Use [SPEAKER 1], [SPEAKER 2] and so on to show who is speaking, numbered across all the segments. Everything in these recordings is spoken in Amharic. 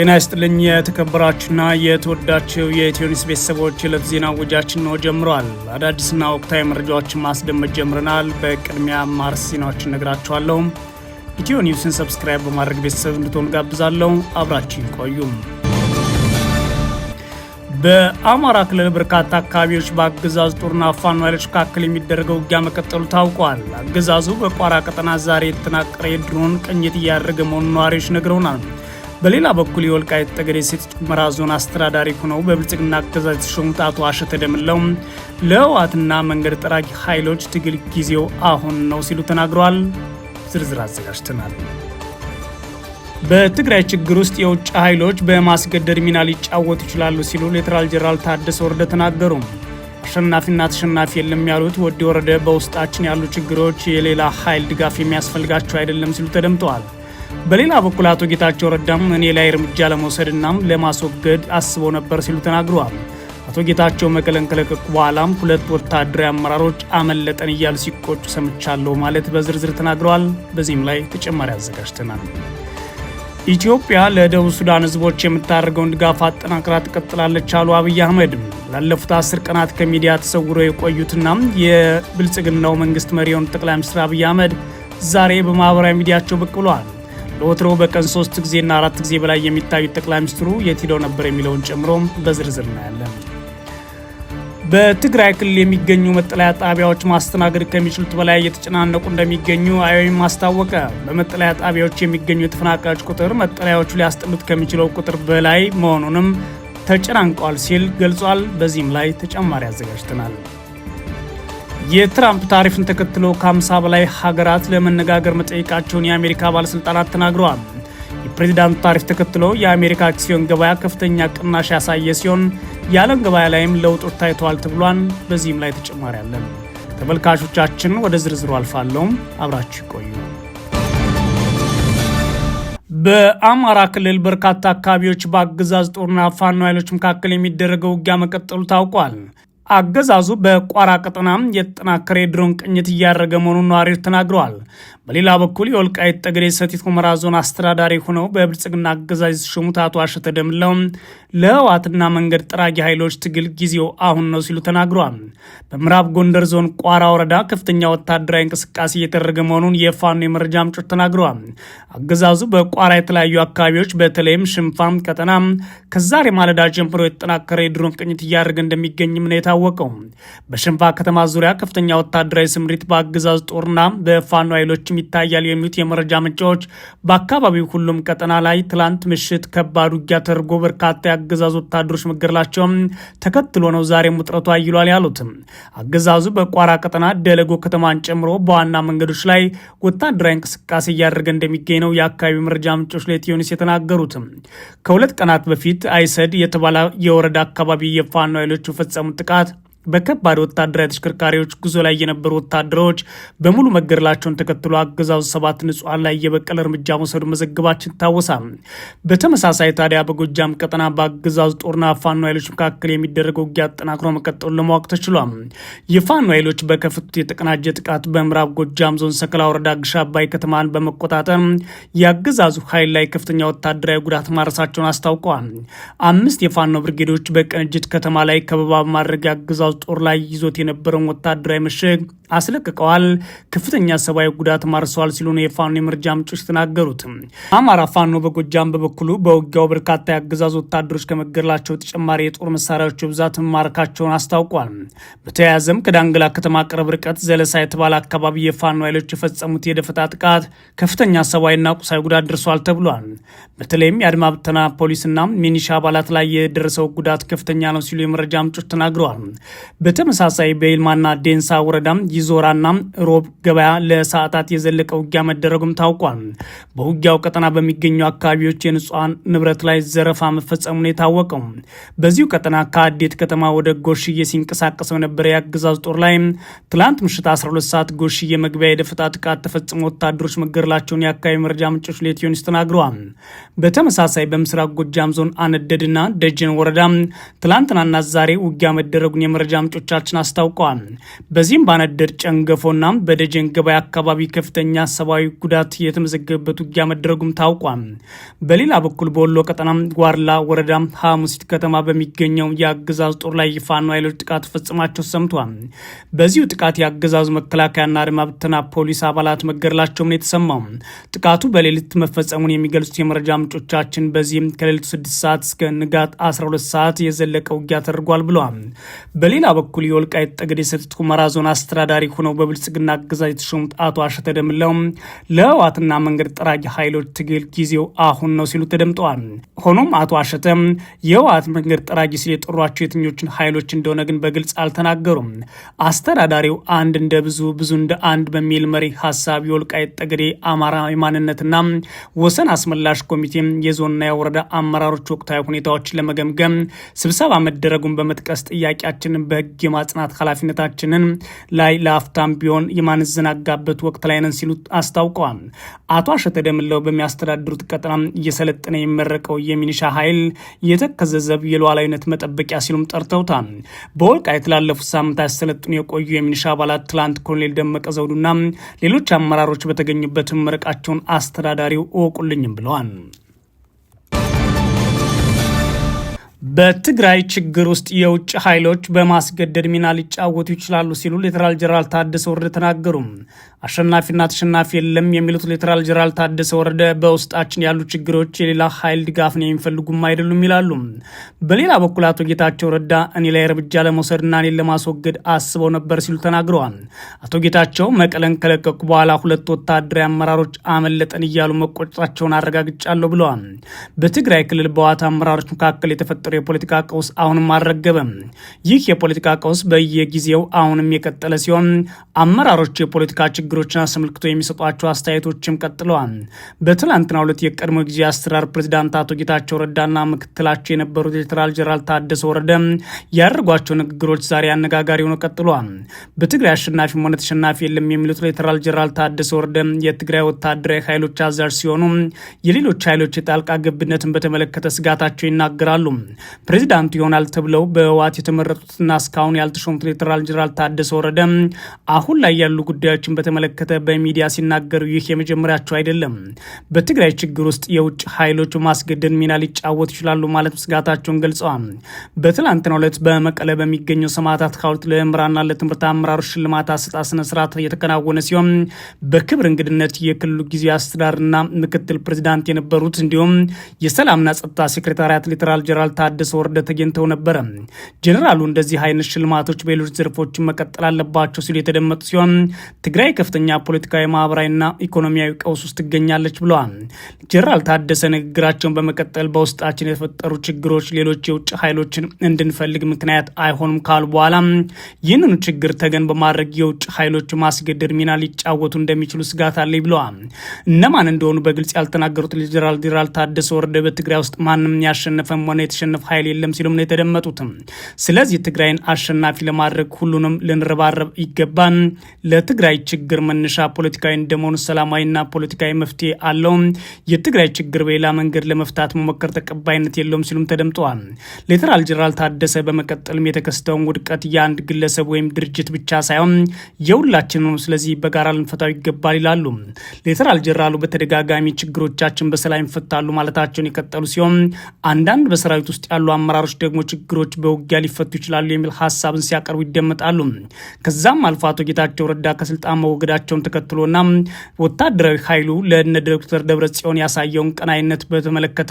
[SPEAKER 1] ጤና ይስጥልኝ የተከበራችሁና የተወዳችው የኢትዮኒስ ቤተሰቦች የዕለት ዜና ውጃችን ነው ጀምረዋል። አዳዲስና ወቅታዊ መረጃዎችን ማስደመጥ ጀምረናል። በቅድሚያ ማርስ ዜናዎችን ነግራችኋለሁ። ኢትዮ ኒውስን ሰብስክራይብ በማድረግ ቤተሰብ እንድትሆን ጋብዛለሁ። አብራችን ቆዩም። በአማራ ክልል በርካታ አካባቢዎች በአገዛዙ ጦርና ፋኖ ኃይሎች መካከል የሚደረገው ውጊያ መቀጠሉ ታውቋል። አገዛዙ በቋራ ቀጠና ዛሬ የተጠናቀረ የድሮን ቅኝት እያደረገ መሆኑን ነዋሪዎች ነግረውናል። በሌላ በኩል የወልቃይት ጠገዴ ሰቲት ሁመራ ዞን አስተዳዳሪ ሆነው በብልጽግና አገዛዝ የተሾሙት አቶ አሸተ ደምለው ለህወሓትና መንገድ ጠራጊ ኃይሎች ትግል ጊዜው አሁን ነው ሲሉ ተናግረዋል። ዝርዝር አዘጋጅተናል። በትግራይ ችግር ውስጥ የውጭ ኃይሎች በማስገደድ ሚና ሊጫወቱ ይችላሉ ሲሉ ሌተናል ጄኔራል ታደሰ ወረደ ተናገሩ። አሸናፊና ተሸናፊ የለም ያሉት ወዲ ወረደ በውስጣችን ያሉ ችግሮች የሌላ ኃይል ድጋፍ የሚያስፈልጋቸው አይደለም ሲሉ ተደምጠዋል። በሌላ በኩል አቶ ጌታቸው ረዳም እኔ ላይ እርምጃ ለመውሰድናም ለማስወገድ አስበው ነበር ሲሉ ተናግረዋል። አቶ ጌታቸው መቀለን ከለቀቁ በኋላም ሁለት ወታደራዊ አመራሮች አመለጠን እያሉ ሲቆጩ ሰምቻለሁ ማለት በዝርዝር ተናግረዋል። በዚህም ላይ ተጨማሪ አዘጋጅተናል። ኢትዮጵያ ለደቡብ ሱዳን ሕዝቦች የምታደርገውን ድጋፍ አጠናክራ ትቀጥላለች አሉ አብይ አህመድ። ላለፉት አስር ቀናት ከሚዲያ ተሰውረው የቆዩትና የብልጽግናው መንግስት መሪውን ጠቅላይ ሚኒስትር አብይ አህመድ ዛሬ በማህበራዊ ሚዲያቸው ብቅ ብለዋል። ለወትሮ በቀን ሶስት ጊዜና አራት ጊዜ በላይ የሚታዩት ጠቅላይ ሚኒስትሩ የት ሄደው ነበር የሚለውን ጨምሮም በዝርዝር እናያለን። በትግራይ ክልል የሚገኙ መጠለያ ጣቢያዎች ማስተናገድ ከሚችሉት በላይ እየተጨናነቁ እንደሚገኙ አይኦኤም አስታወቀ። በመጠለያ ጣቢያዎች የሚገኙ የተፈናቃዮች ቁጥር መጠለያዎቹ ሊያስጠሉት ከሚችለው ቁጥር በላይ መሆኑንም ተጨናንቋል ሲል ገልጿል። በዚህም ላይ ተጨማሪ አዘጋጅተናል። የትራምፕ ታሪፍን ተከትሎ ከ50 በላይ ሀገራት ለመነጋገር መጠየቃቸውን የአሜሪካ ባለስልጣናት ተናግረዋል። የፕሬዚዳንቱ ታሪፍ ተከትሎ የአሜሪካ አክሲዮን ገበያ ከፍተኛ ቅናሽ ያሳየ ሲሆን የዓለም ገበያ ላይም ለውጦች ታይተዋል ተብሏል። በዚህም ላይ ተጨማሪ አለን። ተመልካቾቻችን ወደ ዝርዝሩ አልፋለሁም፣ አብራችሁ ይቆዩ። በአማራ ክልል በርካታ አካባቢዎች በአገዛዝ ጦርና ፋኖ ኃይሎች መካከል የሚደረገው ውጊያ መቀጠሉ ታውቋል። አገዛዙ በቋራ ቀጠና የተጠናከረ የድሮን ቅኝት እያደረገ መሆኑን ነዋሪዎች ተናግረዋል። በሌላ በኩል የወልቃይት ጠገዴ ሰቲት ሁመራ ዞን አስተዳዳሪ ሆነው በብልጽግና አገዛዝ የተሾሙት አቶ አሸተ ደምለው ለህወሓትና መንገድ ጠራጊ ኃይሎች ትግል ጊዜው አሁን ነው ሲሉ ተናግረዋል። በምዕራብ ጎንደር ዞን ቋራ ወረዳ ከፍተኛ ወታደራዊ እንቅስቃሴ እየተደረገ መሆኑን የፋኖ የመረጃ ምንጮች ተናግረዋል። አገዛዙ በቋራ የተለያዩ አካባቢዎች በተለይም ሽንፋም ቀጠና ከዛሬ ማለዳ ጀምሮ የተጠናከረ የድሮን ቅኝት እያደረገ እንደሚገኝም ነው የታወቀው። በሽንፋ ከተማ ዙሪያ ከፍተኛ ወታደራዊ ስምሪት በአገዛዝ ጦርና በፋኖ ኃይሎችም ይታያል የሚሉት የመረጃ ምንጮች በአካባቢው ሁሉም ቀጠና ላይ ትላንት ምሽት ከባድ ውጊያ ተደርጎ በርካታ የአገዛዝ ወታደሮች መገደላቸውም ተከትሎ ነው ዛሬ ውጥረቱ አይሏል ያሉትም። አገዛዙ በቋራ ቀጠና ደለጎ ከተማን ጨምሮ በዋና መንገዶች ላይ ወታደራዊ እንቅስቃሴ እያደረገ እንደሚገኝ ነው የአካባቢው መረጃ ምንጮች ለኢትዮኒስ የተናገሩትም። ከሁለት ቀናት በፊት አይሰድ የተባለ የወረዳ አካባቢ የፋኖ ኃይሎች የፈጸሙት ጥቃት በከባድ ወታደራዊ ተሽከርካሪዎች ጉዞ ላይ የነበሩ ወታደሮች በሙሉ መገደላቸውን ተከትሎ አገዛዙ ሰባት ንጹሐን ላይ የበቀል እርምጃ መውሰዱ መዘግባችን ይታወሳል። በተመሳሳይ ታዲያ በጎጃም ቀጠና በአገዛዙ ጦርና ፋኖ ኃይሎች መካከል የሚደረገው ውጊያ አጠናክሮ መቀጠሉ ለማወቅ ተችሏል። የፋኖ ኃይሎች በከፍቱት የተቀናጀ ጥቃት በምዕራብ ጎጃም ዞን ሰከላ ወረዳ ግሻ አባይ ከተማን በመቆጣጠር የአገዛዙ ኃይል ላይ ከፍተኛ ወታደራዊ ጉዳት ማድረሳቸውን አስታውቀዋል። አምስት የፋኖ ብርጌዶች በቅንጅት ከተማ ላይ ከበባ በማድረግ የአገዛዙ ጦር ላይ ይዞት የነበረውን ወታደራዊ ምሽግ አስለቅቀዋል፣ ከፍተኛ ሰብአዊ ጉዳት ማርሰዋል ሲሉ ነው የፋኖ የመረጃ ምንጮች ተናገሩት። አማራ ፋኖ በጎጃም በበኩሉ በውጊያው በርካታ የአገዛዙ ወታደሮች ከመገደላቸው ተጨማሪ የጦር መሳሪያዎች ብዛት መማረካቸውን አስታውቋል። በተያያዘም ከዳንግላ ከተማ ቅርብ ርቀት ዘለሳ የተባለ አካባቢ የፋኖ ኃይሎች የፈጸሙት የደፈጣ ጥቃት ከፍተኛ ሰብአዊና ቁሳዊ ጉዳት ደርሷል ተብሏል። በተለይም የአድማ ብተና ፖሊስና ሚኒሻ አባላት ላይ የደረሰው ጉዳት ከፍተኛ ነው ሲሉ የመረጃ ምንጮች ተናግረዋል። በተመሳሳይ በይልማና ዴንሳ ወረዳ ይዞራና ሮብ ገበያ ለሰዓታት የዘለቀ ውጊያ መደረጉም ታውቋል። በውጊያው ቀጠና በሚገኙ አካባቢዎች የንጹሐን ንብረት ላይ ዘረፋ መፈጸሙን የታወቀው በዚሁ ቀጠና ከአዴት ከተማ ወደ ጎሽዬ ሲንቀሳቀስ በነበረ የአገዛዝ ጦር ላይ ትላንት ምሽት 12 ሰዓት ጎሽዬ መግቢያ የደፈጣ ጥቃት ተፈጽሞ ወታደሮች መገደላቸውን የአካባቢ መረጃ ምንጮች ሌትዮንስ ተናግረዋል። በተመሳሳይ በምስራቅ ጎጃም ዞን አነደድና ደጀን ወረዳ ትላንትናና ዛሬ ውጊያ መደረጉን የመረጃ ምንጮቻችን አስታውቀዋል። በዚህም ባነደድ ጨንገፎና በደጀን ገበያ አካባቢ ከፍተኛ ሰብአዊ ጉዳት የተመዘገበበት ውጊያ መደረጉም ታውቋል። በሌላ በኩል በወሎ ቀጠና ጓርላ ወረዳ ሐሙሲት ከተማ በሚገኘው የአገዛዝ ጦር ላይ የፋኖ ኃይሎች ጥቃት ፈጽማቸው ሰምቷል። በዚሁ ጥቃት የአገዛዙ መከላከያና አድማ ብተና ፖሊስ አባላት መገደላቸውም ነው የተሰማው። ጥቃቱ በሌሊት መፈጸሙን የሚገልጹት የመረጃ ምንጮቻችን በዚህም ከሌሊቱ 6 ሰዓት እስከ ንጋት 12 ሰዓት የዘለቀ ውጊያ ተደርጓል ብለዋል። በሌላ በኩል የወልቃይት ጠገዴ ሰቲት ሁመራ ዞን አስተዳዳሪ ሆነው በብልጽግና አገዛዝ የተሾሙት አቶ አሸተ ደምለው ለህወሓትና መንገድ ጠራጊ ኃይሎች ትግል ጊዜው አሁን ነው ሲሉ ተደምጠዋል። ሆኖም አቶ አሸተ የህወሓት መንገድ ጠራጊ ሲል የጠሯቸው የትኞችን ኃይሎች እንደሆነ ግን በግልጽ አልተናገሩም። አስተዳዳሪው አንድ እንደ ብዙ ብዙ እንደ አንድ በሚል መሪ ሀሳብ የወልቃይት ጠገዴ አማራ የማንነትና ወሰን አስመላሽ ኮሚቴ የዞንና የወረዳ አመራሮች ወቅታዊ ሁኔታዎችን ለመገምገም ስብሰባ መደረጉን በመጥቀስ ጥያቄያችንን በህግ የማጽናት ኃላፊነታችንን ላይ ለአፍታም ቢሆን የማንዘናጋበት ወቅት ላይ ነን ሲሉ አስታውቀዋል። አቶ አሸተ ደምለው በሚያስተዳድሩት ቀጠና እየሰለጠነ የሚመረቀው የሚኒሻ ኃይል የተከዘ ዘብ የሉዓላዊነት መጠበቂያ ሲሉም ጠርተውታል። በወልቃይት ላለፉት ሳምንታት ያሰለጥኑ የቆዩ የሚኒሻ አባላት ትላንት ኮሎኔል ደመቀ ዘውዱና ሌሎች አመራሮች በተገኙበት መረቃቸውን አስተዳዳሪው እወቁልኝም ብለዋል። በትግራይ ችግር ውስጥ የውጭ ኃይሎች በማስገደድ ሚና ሊጫወቱ ይችላሉ ሲሉ ሌተናል ጀነራል ታደሰ ወረደ ተናገሩ። አሸናፊና ተሸናፊ የለም የሚሉት ሌተናል ጀነራል ታደሰ ወረደ በውስጣችን ያሉ ችግሮች የሌላ ኃይል ድጋፍን የሚፈልጉም አይደሉም ይላሉ። በሌላ በኩል አቶ ጌታቸው ረዳ እኔ ላይ እርምጃ ለመውሰድና እኔን ለማስወገድ አስበው ነበር ሲሉ ተናግረዋል። አቶ ጌታቸው መቀለን ከለቀቁ በኋላ ሁለት ወታደራዊ አመራሮች አመለጠን እያሉ መቆጫቸውን አረጋግጫለሁ ብለዋል። በትግራይ ክልል በዋት አመራሮች መካከል የተፈጠሩ የተፈጠረው የፖለቲካ ቀውስ አሁንም አልረገበም። ይህ የፖለቲካ ቀውስ በየጊዜው አሁንም የቀጠለ ሲሆን አመራሮች የፖለቲካ ችግሮችን አስመልክቶ የሚሰጧቸው አስተያየቶችም ቀጥለዋል። በትላንትና ሁለት የቀድሞ ጊዜ አስተራር ፕሬዚዳንት አቶ ጌታቸው ረዳና ምክትላቸው የነበሩት ሌተናል ጄኔራል ታደሰ ወረደ ያደርጓቸው ንግግሮች ዛሬ አነጋጋሪ ሆነው ቀጥለዋል። በትግራይ አሸናፊም ሆነ ተሸናፊ የለም የሚሉት ሌተናል ጄኔራል ታደሰ ወረደ የትግራይ ወታደራዊ ኃይሎች አዛዥ ሲሆኑ የሌሎች ኃይሎች የጣልቃ ገብነትን በተመለከተ ስጋታቸው ይናገራሉ። ፕሬዚዳንቱ ይሆናል ተብለው በህወሓት የተመረጡትና እስካሁን ያልተሾሙት ሌተናል ጄኔራል ታደሰ ወረደ አሁን ላይ ያሉ ጉዳዮችን በተመለከተ በሚዲያ ሲናገሩ ይህ የመጀመሪያቸው አይደለም። በትግራይ ችግር ውስጥ የውጭ ኃይሎች በማስገደድ ሚና ሊጫወት ይችላሉ ማለት ስጋታቸውን ገልጸዋል። በትላንትናው ዕለት በመቀለ በሚገኘው ሰማዕታት ሐውልት ለምራና ለትምህርት አመራሮች ሽልማት አሰጣጥ ስነስርዓት የተከናወነ ሲሆን በክብር እንግድነት የክልሉ ጊዜ አስተዳደርና ምክትል ፕሬዚዳንት የነበሩት እንዲሁም የሰላምና ጸጥታ ሴክሬታሪያት ሌተናል ጄኔራል ታደሰ ወረደ ተገኝተው ነበረ። ጀኔራሉ እንደዚህ አይነት ሽልማቶች በሌሎች ዘርፎችን መቀጠል አለባቸው ሲሉ የተደመጡ ሲሆን ትግራይ ከፍተኛ ፖለቲካዊ፣ ማህበራዊና ኢኮኖሚያዊ ቀውስ ውስጥ ትገኛለች ብለዋል። ጀኔራል ታደሰ ንግግራቸውን በመቀጠል በውስጣችን የተፈጠሩ ችግሮች ሌሎች የውጭ ኃይሎችን እንድንፈልግ ምክንያት አይሆኑም ካሉ በኋላ ይህንኑ ችግር ተገን በማድረግ የውጭ ኃይሎች ማስገደድ ሚና ሊጫወቱ እንደሚችሉ ስጋት አለኝ ብለዋል። እነማን እንደሆኑ በግልጽ ያልተናገሩት ጀኔራል ጀኔራል ታደሰ ወረደ በትግራይ ውስጥ ማንም ያሸነፈም ሆነ የተሸነፈ የሚያሸንፍ ኃይል የለም ሲሉም ነው የተደመጡትም። ስለዚህ ትግራይን አሸናፊ ለማድረግ ሁሉንም ልንረባረብ ይገባን። ለትግራይ ችግር መነሻ ፖለቲካዊ እንደመሆኑ ሰላማዊና ፖለቲካዊ መፍትሄ አለው። የትግራይ ችግር በሌላ መንገድ ለመፍታት መሞከር ተቀባይነት የለውም ሲሉም ተደምጠዋል። ሌተናል ጄኔራል ታደሰ በመቀጠልም የተከሰተውን ውድቀት የአንድ ግለሰብ ወይም ድርጅት ብቻ ሳይሆን የሁላችን ስለዚህ በጋራ ልንፈታው ይገባል ይላሉ። ሌተናል ጄኔራሉ በተደጋጋሚ ችግሮቻችን በሰላም ይፈታሉ ማለታቸውን የቀጠሉ ሲሆን አንዳንድ በሰራዊት ውስጥ ውስጥ ያሉ አመራሮች ደግሞ ችግሮች በውጊያ ሊፈቱ ይችላሉ የሚል ሀሳብን ሲያቀርቡ ይደመጣሉ። ከዛም አልፎ አቶ ጌታቸው ረዳ ከስልጣን መወገዳቸውን ተከትሎና ወታደራዊ ኃይሉ ለነ ዶክተር ደብረጽዮን ያሳየውን ቀናይነት በተመለከተ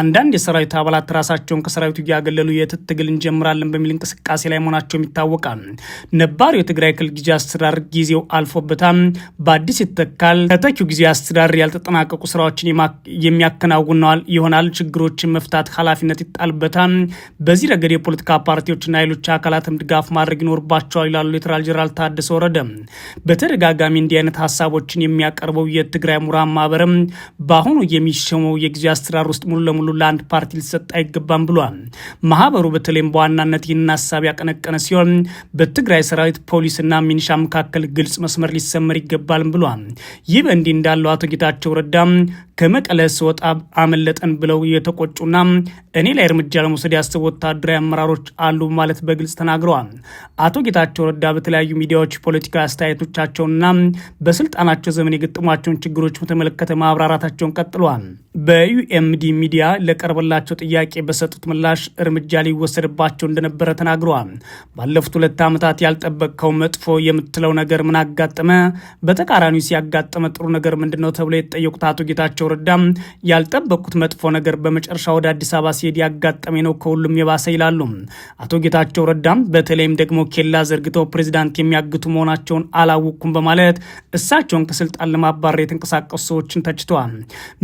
[SPEAKER 1] አንዳንድ የሰራዊት አባላት ራሳቸውን ከሰራዊቱ እያገለሉ የትጥቅ ትግል እንጀምራለን በሚል እንቅስቃሴ ላይ መሆናቸውም ይታወቃል። ነባሩ የትግራይ ክልል ጊዜ አስተዳደር ጊዜው አልፎበታል፣ በአዲስ ይተካል። ከተኪው ጊዜ አስተዳደር ያልተጠናቀቁ ስራዎችን የሚያከናውነዋል ይሆናል። ችግሮችን መፍታት ኃላፊነት ይጣልበታል። በዚህ ረገድ የፖለቲካ ፓርቲዎችና ሌሎች አካላትም ድጋፍ ማድረግ ይኖርባቸዋል ይላሉ ሌተናል ጀነራል ታደሰ ወረደ። በተደጋጋሚ እንዲህ አይነት ሀሳቦችን የሚያቀርበው የትግራይ ምሁራን ማህበርም በአሁኑ የሚሸመው የጊዜ አሰራር ውስጥ ሙሉ ለሙሉ ለአንድ ፓርቲ ሊሰጥ አይገባም ብሏል። ማህበሩ በተለይም በዋናነት ይህንን ሀሳብ ያቀነቀነ ሲሆን በትግራይ ሰራዊት ፖሊስና ሚኒሻ መካከል ግልጽ መስመር ሊሰመር ይገባል ብሏል። ይህ በእንዲህ እንዳለው አቶ ጌታቸው ረዳም ከመቀለ ስወጣ አመለጠን ብለው የተቆጩና እኔ ላይ እርምጃ ለመውሰድ ያስቡ ወታደራዊ አመራሮች አሉ ማለት በግልጽ ተናግረዋል። አቶ ጌታቸው ረዳ በተለያዩ ሚዲያዎች ፖለቲካዊ አስተያየቶቻቸውና በስልጣናቸው ዘመን የገጠሟቸውን ችግሮች በተመለከተ ማብራራታቸውን ቀጥለዋል። በዩኤምዲ ሚዲያ ለቀረበላቸው ጥያቄ በሰጡት ምላሽ እርምጃ ሊወሰድባቸው እንደነበረ ተናግረዋል። ባለፉት ሁለት ዓመታት ያልጠበቅከው መጥፎ የምትለው ነገር ምን አጋጠመ? በተቃራኒ ሲያጋጠመ ጥሩ ነገር ምንድን ነው? ተብሎ የተጠየቁት አቶ ጌታቸው ጌታቸው ረዳ ያልጠበቁት መጥፎ ነገር በመጨረሻ ወደ አዲስ አበባ ሲሄድ ያጋጠመኝ ነው ከሁሉም የባሰ ይላሉ አቶ ጌታቸው ረዳም። በተለይም ደግሞ ኬላ ዘርግተው ፕሬዚዳንት የሚያግቱ መሆናቸውን አላወቅኩም በማለት እሳቸውን ከስልጣን ለማባረር የተንቀሳቀሱ ሰዎችን ተችተዋል።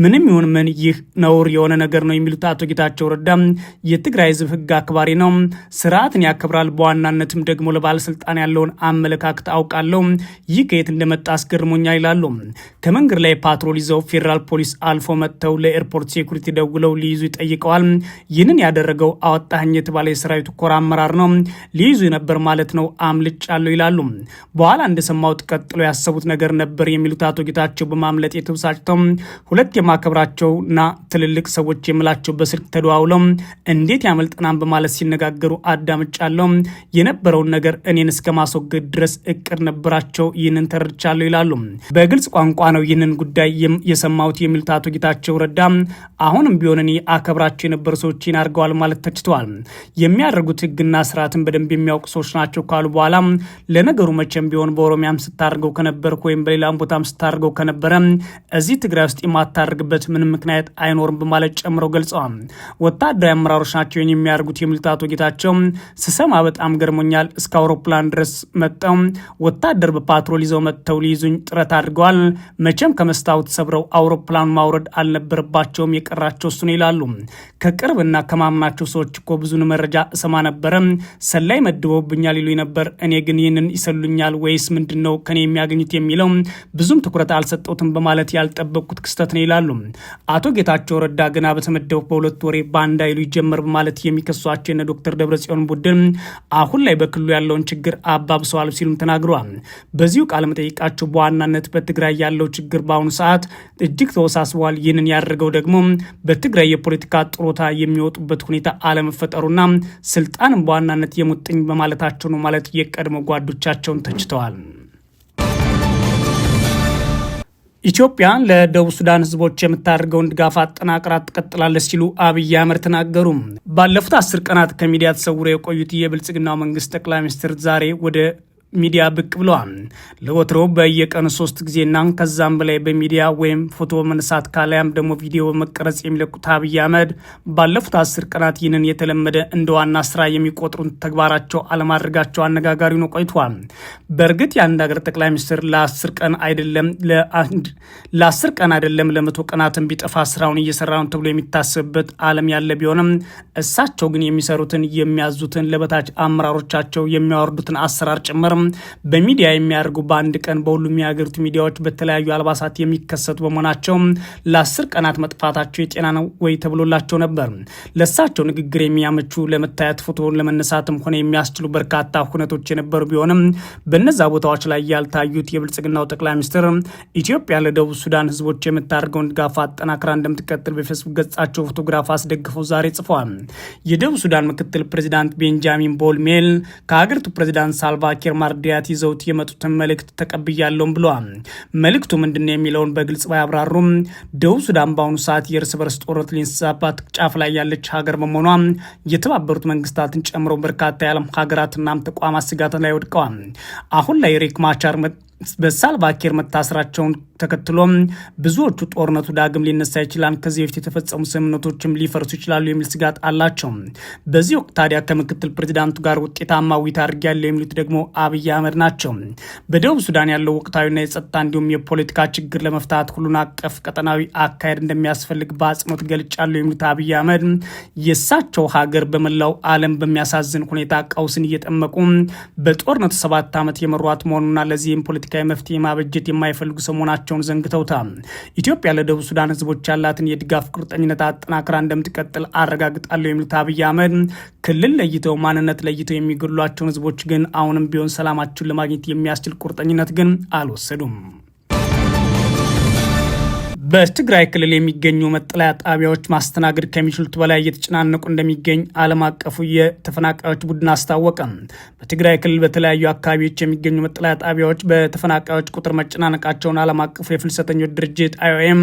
[SPEAKER 1] ምንም ይሁን ምን ይህ ነውር የሆነ ነገር ነው የሚሉት አቶ ጌታቸው ረዳ የትግራይ ህዝብ ህግ አክባሪ ነው፣ ስርዓትን ያከብራል። በዋናነትም ደግሞ ለባለስልጣን ያለውን አመለካከት አውቃለሁ። ይህ ከየት እንደመጣ አስገርሞኛል ይላሉ። ከመንገድ ላይ ፓትሮል ይዘው ፌዴራል ፖሊስ አልፎ መጥተው ለኤርፖርት ሴኩሪቲ ደውለው ሊይዙ ይጠይቀዋል። ይህንን ያደረገው አወጣኝ የተባለ የሰራዊቱ ኮር አመራር ነው። ሊይዙ ነበር ማለት ነው፣ አምልጫለሁ ይላሉ። በኋላ እንደሰማሁት ቀጥሎ ያሰቡት ነገር ነበር የሚሉት አቶ ጌታቸው በማምለጥ የተበሳጭተው ሁለት የማከብራቸውና ትልልቅ ሰዎች የምላቸው በስልክ ተደዋውለው እንዴት ያመልጠናን በማለት ሲነጋገሩ አዳምጫለሁ። የነበረውን ነገር እኔን እስከ ማስወገድ ድረስ እቅድ ነበራቸው። ይህንን ተረድቻለሁ ይላሉ። በግልጽ ቋንቋ ነው ይህንን ጉዳይ የሰማሁት የሚል ፕሬዝደንት አቶ ጌታቸው ረዳ አሁንም ቢሆን እኔ አከብራቸው የነበሩ ሰዎችን አድርገዋል ማለት ተችተዋል። የሚያደርጉት ህግና ስርዓትን በደንብ የሚያውቁ ሰዎች ናቸው ካሉ በኋላ ለነገሩ መቼም ቢሆን በኦሮሚያም ስታደርገው ከነበርክ ወይም በሌላም ቦታም ስታደርገው ከነበረ እዚህ ትግራይ ውስጥ የማታደርግበት ምንም ምክንያት አይኖርም በማለት ጨምረው ገልጸዋል። ወታደራዊ አመራሮች ናቸው የሚያደርጉት የሚሉት አቶ ጌታቸው ስሰማ በጣም ገርሞኛል። እስከ አውሮፕላን ድረስ መጠው ወታደር በፓትሮል ይዘው መጥተው ሊይዙኝ ጥረት አድርገዋል። መቼም ከመስታወት ሰብረው አውሮፕላኑ ማውረድ አልነበረባቸውም፣ የቀራቸው እሱን ይላሉ። ከቅርብና ከማምናቸው ሰዎች እኮ ብዙን መረጃ እሰማ ነበረ። ሰላይ መድበውብኛል ይሉ ነበር። እኔ ግን ይህንን ይሰሉኛል ወይስ ምንድን ነው ከኔ የሚያገኙት የሚለው ብዙም ትኩረት አልሰጠውትም በማለት ያልጠበቁት ክስተት ነው ይላሉ። አቶ ጌታቸው ረዳ ገና በተመደቡ በሁለት ወሬ ባንዳ ይሉ ይጀመር በማለት የሚከሷቸው የነ ዶክተር ደብረጽዮን ቡድን አሁን ላይ በክልሉ ያለውን ችግር አባብሰዋል ሲሉም ተናግረዋል። በዚሁ ቃለ መጠይቃቸው በዋናነት በትግራይ ያለው ችግር በአሁኑ ሰዓት እጅግ ተወሳ አሳስቧል። ይህንን ያደርገው ደግሞ በትግራይ የፖለቲካ ጥሮታ የሚወጡበት ሁኔታ አለመፈጠሩና ስልጣን በዋናነት የሙጥኝ በማለታቸው ነው ማለት የቀድሞ ጓዶቻቸውን ተችተዋል። ኢትዮጵያ ለደቡብ ሱዳን ህዝቦች የምታደርገውን ድጋፍ አጠናቅራ ትቀጥላለች ሲሉ አብይ አህመድ ተናገሩ። ባለፉት አስር ቀናት ከሚዲያ ተሰውረው የቆዩት የብልጽግናው መንግስት ጠቅላይ ሚኒስትር ዛሬ ወደ ሚዲያ ብቅ ብለዋል። ለወትሮ በየቀኑ ሶስት ጊዜና ከዛም በላይ በሚዲያ ወይም ፎቶ መነሳት ካለያም ደግሞ ቪዲዮ መቀረጽ የሚለቁት አብይ አህመድ ባለፉት አስር ቀናት ይህንን የተለመደ እንደ ዋና ስራ የሚቆጥሩን ተግባራቸው አለማድረጋቸው አነጋጋሪ ነው ቆይቷል። በእርግጥ የአንድ ሀገር ጠቅላይ ሚኒስትር ለአስር ቀን አይደለም ለአስር ቀን አይደለም ለመቶ ቀናትን ቢጠፋ ስራውን እየሰራ ነው ተብሎ የሚታሰብበት አለም ያለ ቢሆንም እሳቸው ግን የሚሰሩትን የሚያዙትን ለበታች አመራሮቻቸው የሚያወርዱትን አሰራር ጭምር በሚዲያ የሚያደርጉ በአንድ ቀን በሁሉም የሀገሪቱ ሚዲያዎች በተለያዩ አልባሳት የሚከሰቱ በመሆናቸው ለአስር ቀናት መጥፋታቸው የጤና ነው ወይ ተብሎላቸው ነበር። ለእሳቸው ንግግር የሚያመቹ ለመታየት ፎቶ ለመነሳትም ሆነ የሚያስችሉ በርካታ ሁነቶች የነበሩ ቢሆንም በነዛ ቦታዎች ላይ ያልታዩት የብልጽግናው ጠቅላይ ሚኒስትር ኢትዮጵያ ለደቡብ ሱዳን ህዝቦች የምታደርገውን ድጋፍ አጠናክራ እንደምትቀጥል በፌስቡክ ገጻቸው ፎቶግራፍ አስደግፈው ዛሬ ጽፏል። የደቡብ ሱዳን ምክትል ፕሬዚዳንት ቤንጃሚን ቦል ሜል ከሀገሪቱ ፕሬዚዳንት ሳልቫኪር ማ ባለዋርዲያት ይዘውት የመጡትን መልእክት ተቀብያለውም ብለዋል። መልእክቱ ምንድነው የሚለውን በግልጽ ባያብራሩም ደቡብ ሱዳን በአሁኑ ሰዓት የእርስ በርስ ጦርነት ሊንስሳባት ጫፍ ላይ ያለች ሀገር በመሆኗ የተባበሩት መንግስታትን ጨምሮ በርካታ የዓለም ሀገራትና ተቋማት ስጋት ላይ ወድቀዋል። አሁን ላይ ሪክ ማቻር በሳልቫኪር መታሰራቸውን ተከትሎም ብዙዎቹ ጦርነቱ ዳግም ሊነሳ ይችላል፣ ከዚህ በፊት የተፈጸሙ ስምምነቶችም ሊፈርሱ ይችላሉ የሚል ስጋት አላቸው። በዚህ ወቅት ታዲያ ከምክትል ፕሬዚዳንቱ ጋር ውጤታማ ውይይት አድርጌያለሁ የሚሉት ደግሞ አብይ አህመድ ናቸው። በደቡብ ሱዳን ያለው ወቅታዊና የጸጥታ እንዲሁም የፖለቲካ ችግር ለመፍታት ሁሉን አቀፍ ቀጠናዊ አካሄድ እንደሚያስፈልግ በአጽንኦት ገልጫለሁ የሚሉት አብይ አህመድ የእሳቸው ሀገር በመላው ዓለም በሚያሳዝን ሁኔታ ቀውስን እየጠመቁ በጦርነቱ ሰባት ዓመት የመሯት መሆኑና ለዚህም ፖለቲካዊ መፍትሄ ማበጀት የማይፈልጉ ሰው መሆናቸው መግለጻቸውን ዘንግተውታል። ኢትዮጵያ ለደቡብ ሱዳን ህዝቦች ያላትን የድጋፍ ቁርጠኝነት አጠናክራ እንደምትቀጥል አረጋግጣለሁ የሚሉት አብይ አህመድ ክልል ለይተው ማንነት ለይተው የሚገድሏቸውን ህዝቦች ግን አሁንም ቢሆን ሰላማቸውን ለማግኘት የሚያስችል ቁርጠኝነት ግን አልወሰዱም። በትግራይ ክልል የሚገኙ መጠለያ ጣቢያዎች ማስተናገድ ከሚችሉት በላይ እየተጨናነቁ እንደሚገኝ ዓለም አቀፉ የተፈናቃዮች ቡድን አስታወቀ። በትግራይ ክልል በተለያዩ አካባቢዎች የሚገኙ መጠለያ ጣቢያዎች በተፈናቃዮች ቁጥር መጨናነቃቸውን ዓለም አቀፉ የፍልሰተኞች ድርጅት አይኦኤም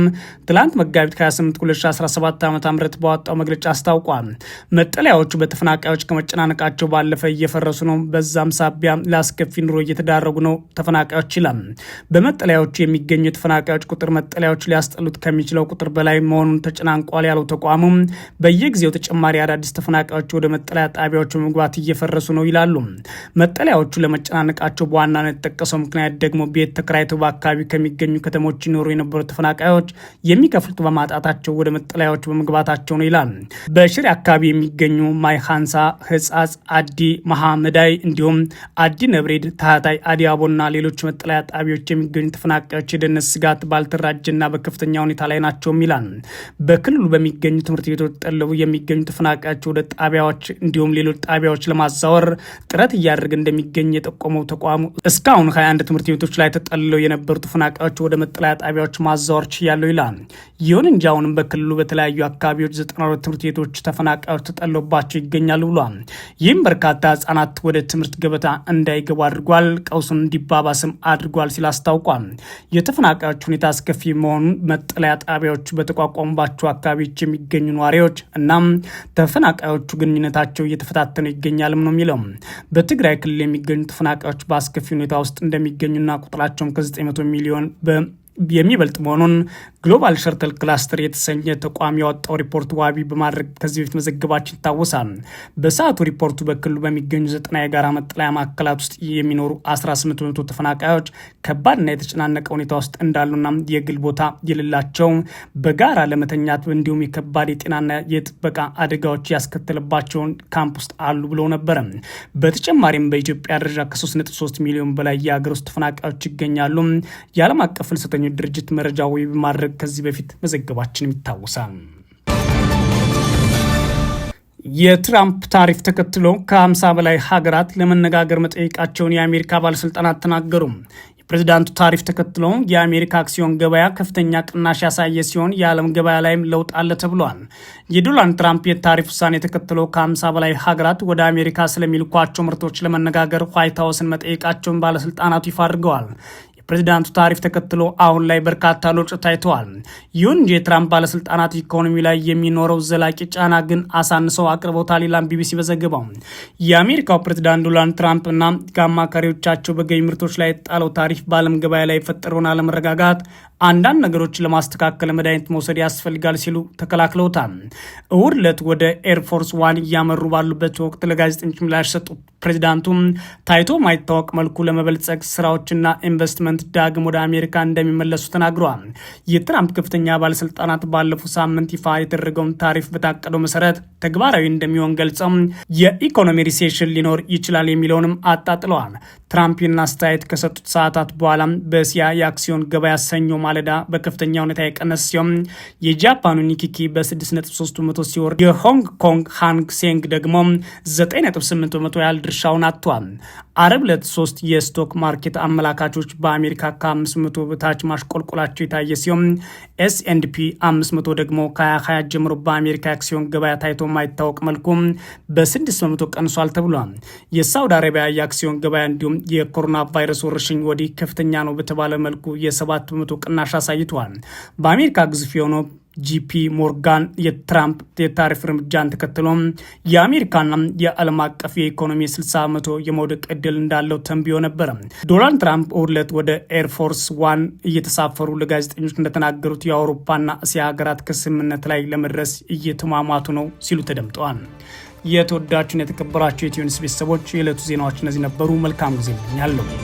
[SPEAKER 1] ትላንት መጋቢት 28 2017 ዓ ም ባወጣው መግለጫ አስታውቋል። መጠለያዎቹ በተፈናቃዮች ከመጨናነቃቸው ባለፈ እየፈረሱ ነው፣ በዛም ሳቢያ ለአስከፊ ኑሮ እየተዳረጉ ነው ተፈናቃዮች ይላል። በመጠለያዎቹ የሚገኙ የተፈናቃዮች ቁጥር መጠለያዎች ሊያስ ሊያስጠሉት ከሚችለው ቁጥር በላይ መሆኑን ተጨናንቋል ያለው ተቋሙ በየጊዜው ተጨማሪ አዳዲስ ተፈናቃዮች ወደ መጠለያ ጣቢያዎች በመግባት እየፈረሱ ነው ይላሉ። መጠለያዎቹ ለመጨናነቃቸው በዋናነት የተጠቀሰው ምክንያት ደግሞ ቤት ተከራይቶ በአካባቢ ከሚገኙ ከተሞች ይኖሩ የነበሩ ተፈናቃዮች የሚከፍሉት በማጣታቸው ወደ መጠለያዎች በመግባታቸው ነው ይላል። በሽሬ አካባቢ የሚገኙ ማይሃንሳ፣ ህጻጽ፣ አዲ መሐመዳይ እንዲሁም አዲ ነብሬድ፣ ታህታይ፣ አቦና ሌሎች መጠለያ ጣቢያዎች የሚገኙ ተፈናቃዮች የደህንነት ስጋት ባልተራጀና በከፍተ ከፍተኛ ሁኔታ ላይ ናቸውም ይላል። በክልሉ በሚገኙ ትምህርት ቤቶች ጠለቡ የሚገኙ ተፈናቃዮች ወደ ጣቢያዎች እንዲሁም ሌሎች ጣቢያዎች ለማዛወር ጥረት እያደረገ እንደሚገኝ የጠቆመው ተቋሙ እስካሁን 21 ትምህርት ቤቶች ላይ ተጠልለው የነበሩ ተፈናቃዮች ወደ መጠለያ ጣቢያዎች ማዛወር ችያለው ይላል። ይሁን እንጂ አሁንም በክልሉ በተለያዩ አካባቢዎች 92 ትምህርት ቤቶች ተፈናቃዮች ተጠለውባቸው ይገኛሉ ብሏል። ይህም በርካታ ህጻናት ወደ ትምህርት ገበታ እንዳይገቡ አድርጓል፣ ቀውሱን እንዲባባስም አድርጓል ሲል አስታውቋል። የተፈናቃዮች ሁኔታ አስከፊ መሆኑን መጠለያ ጣቢያዎች በተቋቋሙባቸው አካባቢዎች የሚገኙ ነዋሪዎች እናም ተፈናቃዮቹ ግንኙነታቸው እየተፈታተነ ይገኛልም ነው የሚለው። በትግራይ ክልል የሚገኙ ተፈናቃዮች በአስከፊ ሁኔታ ውስጥ እንደሚገኙና ቁጥራቸውም ከ900 ሚሊዮን የሚበልጥ መሆኑን ግሎባል ሸርተል ክላስተር የተሰኘ ተቋም ያወጣው ሪፖርት ዋቢ በማድረግ ከዚህ በፊት መዘገባችን ይታወሳል። በሰዓቱ ሪፖርቱ በክልሉ በሚገኙ ዘጠና የጋራ መጠለያ ማዕከላት ውስጥ የሚኖሩ 18 በመቶ ተፈናቃዮች ከባድና የተጨናነቀ ሁኔታ ውስጥ እንዳሉና የግል ቦታ የሌላቸው በጋራ ለመተኛት እንዲሁም የከባድ የጤናና የጥበቃ አደጋዎች ያስከተለባቸውን ካምፕ ውስጥ አሉ ብሎ ነበረ። በተጨማሪም በኢትዮጵያ ደረጃ ከ3.3 ሚሊዮን በላይ የሀገር ውስጥ ተፈናቃዮች ይገኛሉ። የዓለም አቀፍ ፍልሰተኞች ድርጅት መረጃ ወይ ማድረግ ከዚህ በፊት መዘገባችንም ይታወሳል። የትራምፕ ታሪፍ ተከትሎ ከ50 በላይ ሀገራት ለመነጋገር መጠየቃቸውን የአሜሪካ ባለስልጣናት ተናገሩ። ፕሬዚዳንቱ ታሪፍ ተከትሎ የአሜሪካ አክሲዮን ገበያ ከፍተኛ ቅናሽ ያሳየ ሲሆን የዓለም ገበያ ላይም ለውጥ አለ ተብሏል። የዶናልድ ትራምፕ የታሪፍ ውሳኔ ተከትሎ ከ50 በላይ ሀገራት ወደ አሜሪካ ስለሚልኳቸው ምርቶች ለመነጋገር ዋይት ሀውስን መጠየቃቸውን ባለስልጣናቱ ይፋ አድርገዋል። ፕሬዚዳንቱ ታሪፍ ተከትሎ አሁን ላይ በርካታ ለውጥ ታይተዋል። ይሁን እንጂ የትራምፕ ባለስልጣናት ኢኮኖሚ ላይ የሚኖረው ዘላቂ ጫና ግን አሳንሰው አቅርቦታል ይላል ቢቢሲ በዘገባው። የአሜሪካው ፕሬዚዳንት ዶናልድ ትራምፕ እና ከአማካሪዎቻቸው በገቢ ምርቶች ላይ የጣለው ታሪፍ በዓለም ገበያ ላይ የፈጠረውን አለመረጋጋት አንዳንድ ነገሮችን ለማስተካከል መድኃኒት መውሰድ ያስፈልጋል ሲሉ ተከላክለውታል። እሁድ ዕለት ወደ ኤርፎርስ ዋን እያመሩ ባሉበት ወቅት ለጋዜጠኞች ምላሽ ሰጡት። ፕሬዚዳንቱም ታይቶ ማይታወቅ መልኩ ለመበልጸግ ስራዎችና ኢንቨስትመንት ዳግም ወደ አሜሪካ እንደሚመለሱ ተናግረዋል። የትራምፕ ከፍተኛ ባለስልጣናት ባለፉት ሳምንት ይፋ የተደረገውን ታሪፍ በታቀደው መሰረት ተግባራዊ እንደሚሆን ገልጸው የኢኮኖሚ ሪሴሽን ሊኖር ይችላል የሚለውንም አጣጥለዋል። ትራምፕ ይህን አስተያየት ከሰጡት ሰዓታት በኋላ በእስያ የአክሲዮን ገበያ ሰኞ ማለዳ በከፍተኛ ሁኔታ የቀነስ ሲሆን የጃፓኑ ኒኪኪ በ6.3 በመቶ ሲወርድ የሆንግ ኮንግ ሃንግ ሴንግ ደግሞ 9.8 በመቶ ያህል ድርሻውን አጥቷል። አረብ ዕለት ሶስት የስቶክ ማርኬት አመላካቾች በአሜሪካ ከ500 በታች ማሽቆልቆላቸው የታየ ሲሆን ኤስኤንድፒ 500 ደግሞ ከ2020 ጀምሮ በአሜሪካ አክሲዮን ገበያ ታይቶ ማይታወቅ መልኩ በ6 በመቶ ቀንሷል ተብሏል። የሳውዲ አረቢያ የአክሲዮን ገበያ እንዲሁም የኮሮና ቫይረስ ወረርሽኝ ወዲህ ከፍተኛ ነው በተባለ መልኩ የ7 በመቶ ቅና ቅናሽ አሳይቷል። በአሜሪካ ግዙፍ የሆነው ጂፒ ሞርጋን የትራምፕ የታሪፍ እርምጃን ተከትሎም የአሜሪካና የዓለም አቀፍ የኢኮኖሚ 60 በመቶ የመውደቅ እድል እንዳለው ተንብዮ ነበረ። ዶናልድ ትራምፕ እሁድ ወደ ኤርፎርስ ዋን እየተሳፈሩ ለጋዜጠኞች እንደተናገሩት የአውሮፓና እስያ ሀገራት ከስምምነት ላይ ለመድረስ እየተሟሟቱ ነው ሲሉ ተደምጠዋል። የተወዳችሁን የተከበራቸው የኢትዮ ኒውስ ቤተሰቦች የዕለቱ ዜናዎች እነዚህ ነበሩ። መልካም ጊዜ ያለው